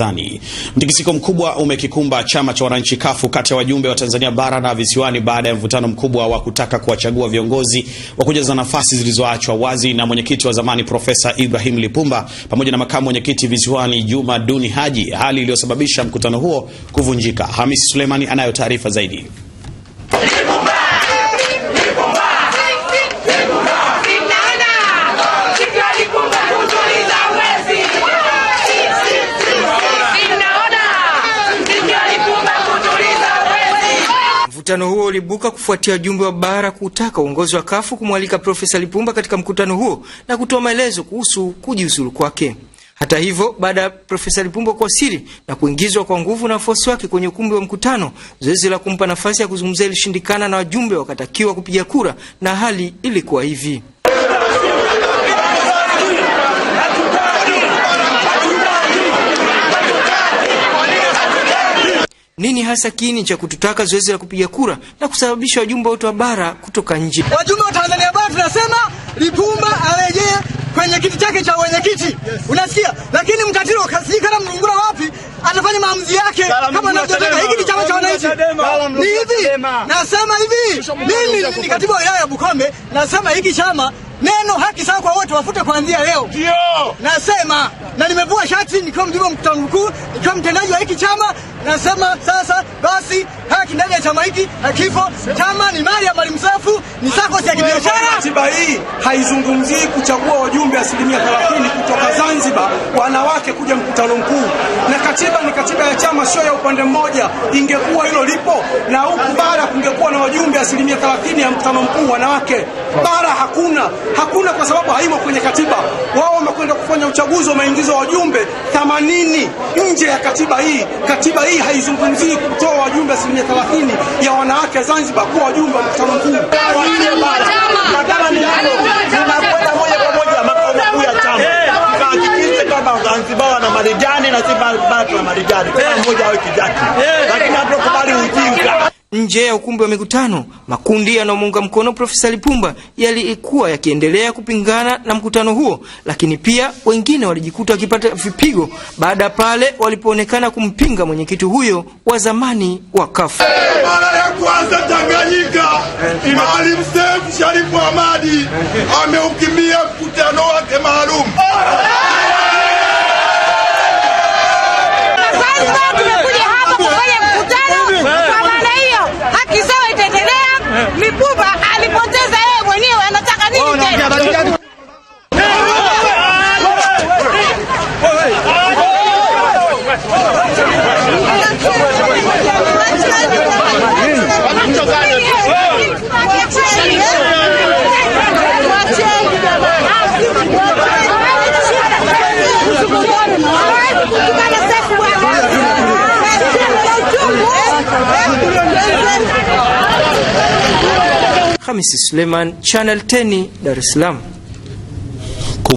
Ramadhani. Mtikisiko mkubwa umekikumba chama cha wananchi kafu kati ya wajumbe wa Tanzania bara na visiwani baada ya mvutano mkubwa wa kutaka kuwachagua viongozi wa kujaza nafasi zilizoachwa wazi na mwenyekiti wa zamani Profesa Ibrahim Lipumba pamoja na makamu mwenyekiti visiwani Juma Duni Haji, hali iliyosababisha mkutano huo kuvunjika. Hamisi Suleimani anayo taarifa zaidi. Mkutano huo ulibuka kufuatia jumbe wa bara kutaka uongozi wa kafu kumwalika Profesa Lipumba katika mkutano huo na kutoa maelezo kuhusu kujiuzulu kwake. Hata hivyo, baada ya Profesa Lipumba kwa siri na kuingizwa kwa nguvu na wafuasi wake kwenye ukumbi wa mkutano, zoezi la kumpa nafasi ya kuzungumzia ilishindikana na wajumbe wakatakiwa kupiga kura, na hali ilikuwa hivi. nini hasa kini cha kututaka zoezi la kupiga kura na kusababisha wajumbe wote wa bara kutoka nje? Wajumbe wa Tanzania bara tunasema Lipumba arejee kwenye kiti chake cha wenyekiti yes. Unasikia, lakini mtatiri wakasii na mlungula wapi atafanya maamuzi yake kama anavyotaka. Hiki ni chama cha wananchi, ni hivi. Nasema hivi, mimi ni katibu wa wilaya ya Bukombe, nasema hiki chama neno haki sawa kwa wote wafute kuanzia leo. Ndio nasema, na nimevua shati nikiwa mjumbe wa mkutano mkuu, nikiwa mtendaji wa hiki chama. Nasema sasa basi, haki ndani ya chama hiki hakipo. Chama ni mali ya Mwalimu Seif hii haizungumzii kuchagua wajumbe asilimia 30 kutoka Zanzibar wanawake kuja mkutano mkuu, na katiba ni katiba ya chama, sio ya upande mmoja. Ingekuwa hilo lipo na huku bara kungekuwa na wajumbe asilimia 30 ya mkutano mkuu wanawake, bara hakuna, hakuna kwa sababu haimo kwenye katiba. Wao wamekwenda kufanya uchaguzi, wameingiza wajumbe 80 nje ya katiba hii. Katiba hii haizungumzii kutoa wajumbe asilimia 30 ya wanawake Zanzibar kuwa wajumbe wa mkutano mkuu ni tunakwenda moja kwa moja makao makuu ya chama tukahakikishe kwamba Zanzibar wana marijani na si marijani, kila eh. mmoja awe kijaki, eh. lakini hatukubali ujinga. Nje ya ukumbi wa mikutano, makundi yanayomuunga mkono Profesa Lipumba yalikuwa yakiendelea kupingana na mkutano huo, lakini pia wengine walijikuta wakipata vipigo baada ya pale walipoonekana kumpinga mwenyekiti huyo wa zamani wa kafu. Hey, eh. mara ya kwanza Tanganyika Ó meu Hamisi Suleiman, Channel 10, Dar es Salaam.